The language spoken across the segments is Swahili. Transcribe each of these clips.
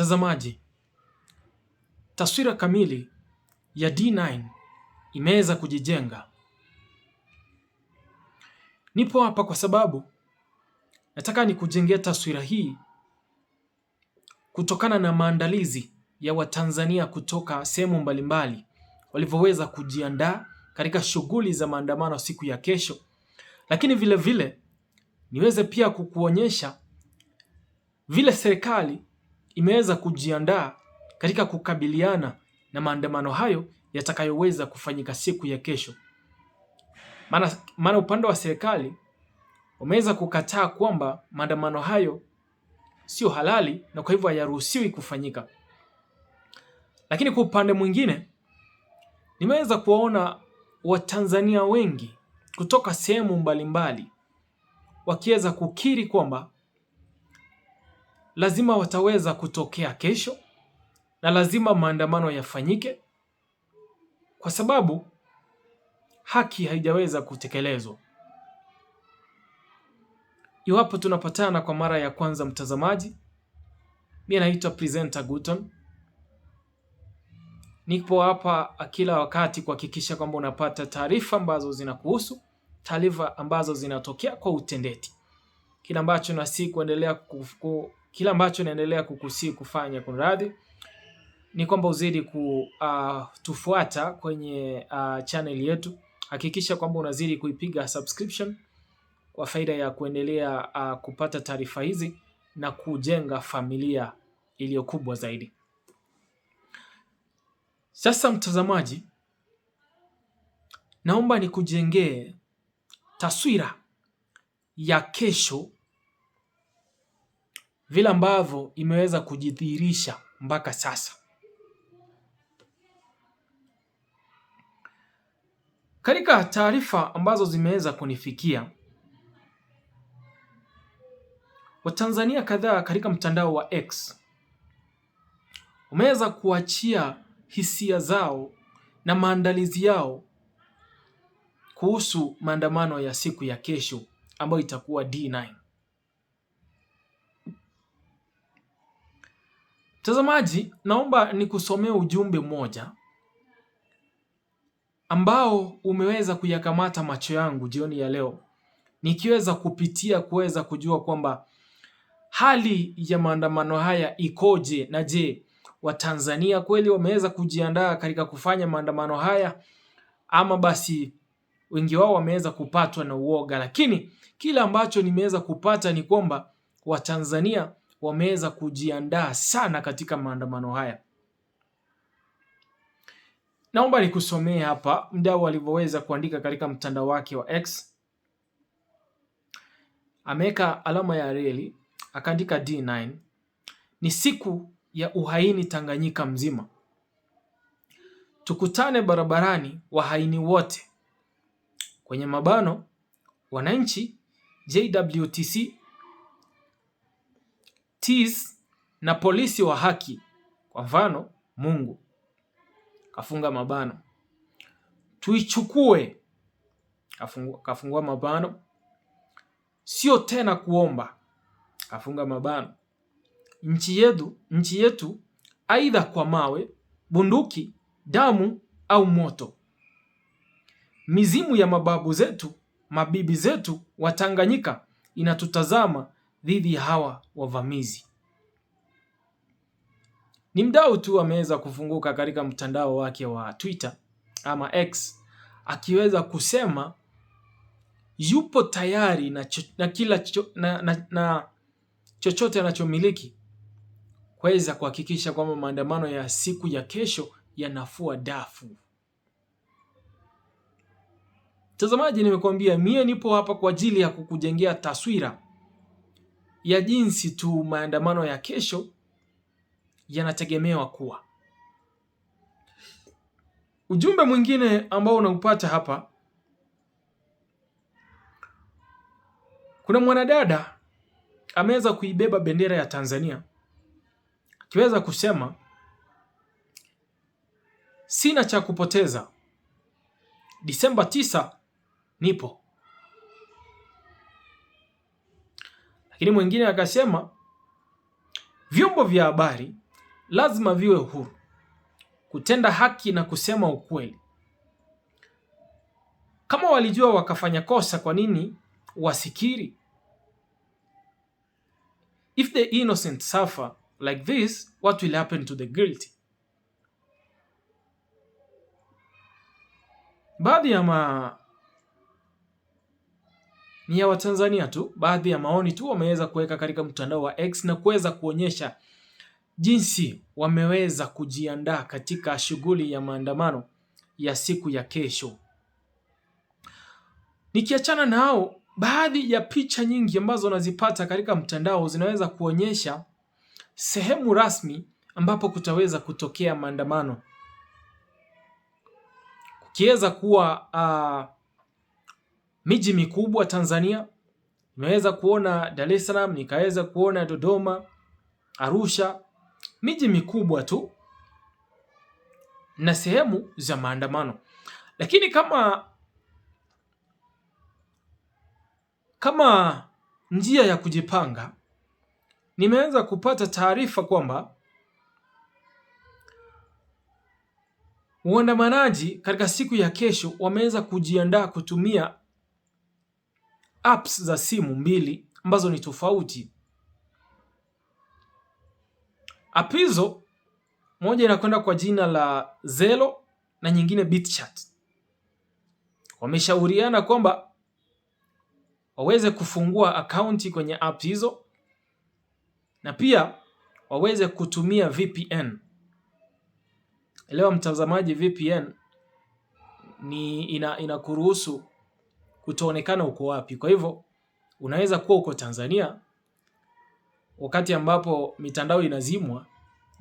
Mtazamaji, taswira kamili ya D9 imeweza kujijenga. Nipo hapa kwa sababu nataka nikujengea taswira hii kutokana na maandalizi ya Watanzania kutoka sehemu mbalimbali walivyoweza kujiandaa katika shughuli za maandamano siku ya kesho, lakini vile vile niweze pia kukuonyesha vile serikali imeweza kujiandaa katika kukabiliana na maandamano hayo yatakayoweza kufanyika siku ya kesho. Maana, maana upande wa serikali wameweza kukataa kwamba maandamano hayo sio halali na kwa hivyo hayaruhusiwi kufanyika. Lakini kwa upande mwingine nimeweza kuwaona Watanzania wengi kutoka sehemu mbalimbali wakiweza kukiri kwamba lazima wataweza kutokea kesho na lazima maandamano yafanyike kwa sababu haki haijaweza kutekelezwa. Iwapo tunapatana kwa mara ya kwanza, mtazamaji, mi naitwa Presenter guton Nipo hapa kila wakati kuhakikisha kwamba unapata taarifa ambazo zinakuhusu, taarifa ambazo zinatokea kwa utendeti, kile ambacho nasi kuendelea kila ambacho naendelea kukusii kufanya kunradhi, ni kwamba uzidi ah, kutufuata kwenye uh, channel yetu. Hakikisha kwamba unazidi kuipiga subscription kwa faida ya kuendelea uh, kupata taarifa hizi na kujenga familia iliyo kubwa zaidi. Sasa mtazamaji, naomba nikujengee taswira ya kesho vile ambavyo imeweza kujidhihirisha mpaka sasa. Katika taarifa ambazo zimeweza kunifikia, Watanzania kadhaa katika mtandao wa X wameweza kuachia hisia zao na maandalizi yao kuhusu maandamano ya siku ya kesho ambayo itakuwa D9. Mtazamaji, naomba nikusomee ujumbe mmoja ambao umeweza kuyakamata macho yangu jioni ya leo, nikiweza kupitia kuweza kujua kwamba hali ya maandamano haya ikoje, na je, Watanzania kweli wameweza kujiandaa katika kufanya maandamano haya ama basi wengi wao wameweza kupatwa na uoga. Lakini kile ambacho nimeweza kupata ni kwamba Watanzania wameweza kujiandaa sana katika maandamano haya. Naomba nikusomee hapa mdau alivyoweza kuandika katika mtandao wake wa X. Ameweka alama ya reli akaandika D9, ni siku ya uhaini Tanganyika mzima, tukutane barabarani wahaini wote, kwenye mabano wananchi JWTC tis na polisi wa haki, kwa mfano Mungu kafunga mabano, tuichukue kafungua, kafungua mabano, sio tena kuomba, kafunga mabano, nchi yetu, nchi yetu aidha kwa mawe, bunduki, damu au moto, mizimu ya mababu zetu, mabibi zetu Watanganyika inatutazama dhidi ya hawa wavamizi. Ni mdau tu ameweza kufunguka katika mtandao wake wa Twitter ama X akiweza kusema yupo tayari na, cho, na kila cho, na, na, na chochote anachomiliki kuweza kuhakikisha kwamba maandamano ya siku ya kesho yanafua dafu. Mtazamaji, nimekuambia mie nipo hapa kwa ajili ya kukujengea taswira ya jinsi tu maandamano ya kesho yanategemewa kuwa. Ujumbe mwingine ambao unaupata hapa, kuna mwanadada ameweza kuibeba bendera ya Tanzania akiweza kusema sina cha kupoteza, Disemba tisa nipo. Lakini mwingine akasema vyombo vya habari lazima viwe huru kutenda haki na kusema ukweli. Kama walijua wakafanya kosa, kwa nini wasikiri? If the innocent suffer like this, what will happen to the guilty? Baadhi ya ni ya Watanzania tu, baadhi ya maoni tu wameweza kuweka katika mtandao wa X na kuweza kuonyesha jinsi wameweza kujiandaa katika shughuli ya maandamano ya siku ya kesho. Nikiachana nao, baadhi ya picha nyingi ambazo nazipata katika mtandao zinaweza kuonyesha sehemu rasmi ambapo kutaweza kutokea maandamano kukiweza kuwa uh, miji mikubwa Tanzania. Nimeweza kuona Dar es Salaam, nikaweza kuona Dodoma, Arusha, miji mikubwa tu na sehemu za maandamano. Lakini kama kama njia ya kujipanga, nimeweza kupata taarifa kwamba uandamanaji katika siku ya kesho wameweza kujiandaa kutumia apps za simu mbili ambazo ni tofauti. App hizo moja inakwenda kwa jina la Zelo na nyingine BitChat. Wameshauriana kwamba waweze kufungua akaunti kwenye app hizo na pia waweze kutumia VPN. Elewa mtazamaji, VPN ni ina, inakuruhusu utaonekana uko wapi. Kwa hivyo unaweza kuwa uko Tanzania wakati ambapo mitandao inazimwa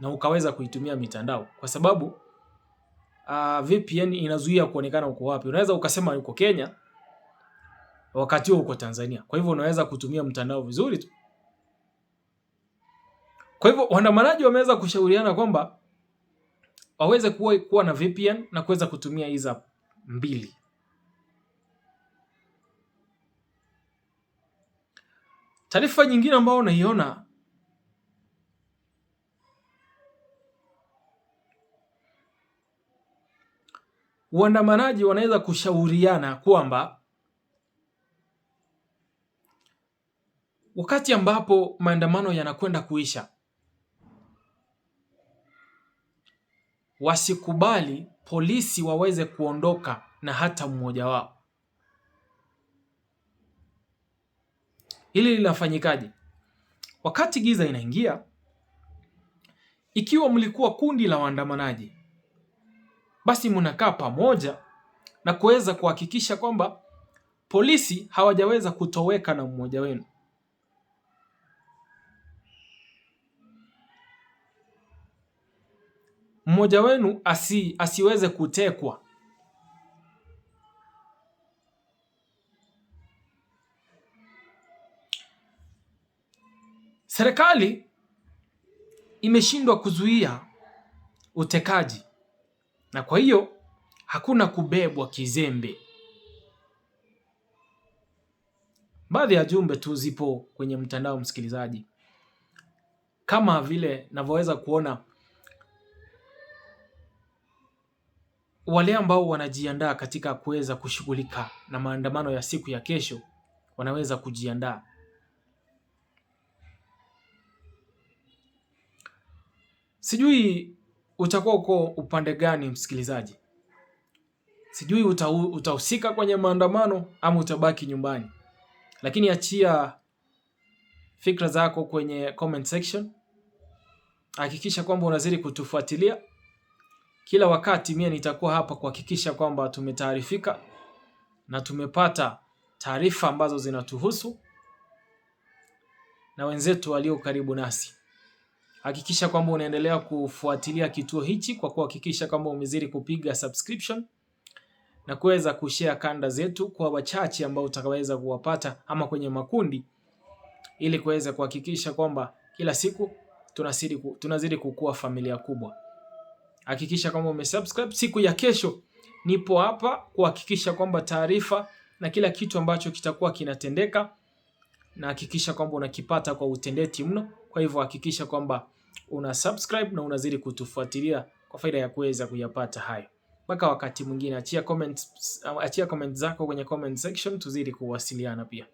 na ukaweza kuitumia mitandao kwa sababu uh, ah, VPN inazuia kuonekana uko wapi. Unaweza ukasema uko Kenya wakati huo uko Tanzania. Kwa hivyo unaweza kutumia mtandao vizuri tu. Kwa hivyo waandamanaji wameweza kushauriana kwamba waweze kuwa, kuwa na VPN na kuweza kutumia hizo mbili. Taarifa nyingine ambayo unaiona waandamanaji wanaweza kushauriana kwamba wakati ambapo maandamano yanakwenda kuisha, wasikubali polisi waweze kuondoka na hata mmoja wao. Hili linafanyikaje? Wakati giza inaingia, ikiwa mlikuwa kundi la waandamanaji, basi mnakaa pamoja na kuweza kuhakikisha kwamba polisi hawajaweza kutoweka na mmoja wenu. Mmoja wenu asi, asiweze kutekwa Serikali imeshindwa kuzuia utekaji na kwa hiyo hakuna kubebwa kizembe. Baadhi ya jumbe tu zipo kwenye mtandao, msikilizaji, kama vile navyoweza kuona wale ambao wanajiandaa katika kuweza kushughulika na maandamano ya siku ya kesho wanaweza kujiandaa. Sijui utakuwa uko upande gani msikilizaji, sijui utahusika kwenye maandamano ama utabaki nyumbani, lakini achia fikra zako kwenye comment section. Hakikisha kwamba unazidi kutufuatilia kila wakati. Mimi nitakuwa hapa kuhakikisha kwamba tumetaarifika na tumepata taarifa ambazo zinatuhusu na wenzetu walio karibu nasi. Hakikisha kwamba unaendelea kufuatilia kituo hichi kwa kuhakikisha kwamba umezidi kupiga subscription na kuweza kushare kanda zetu kwa wachache ambao utakaweza kuwapata ama kwenye makundi, ili kuweza kuhakikisha kwamba kila siku tunazidi tunazidi kukua familia kubwa. Hakikisha kwamba umesubscribe. Siku ya kesho nipo hapa kuhakikisha kwamba taarifa na kila kitu ambacho kitakuwa kinatendeka na hakikisha kwamba unakipata kwa utendeti mno. Kwa hivyo hakikisha kwamba una subscribe na unazidi kutufuatilia kwa faida ya kuweza kuyapata hayo. Mpaka wakati mwingine, achia comments, achia comment zako kwenye comment section, tuzidi kuwasiliana pia.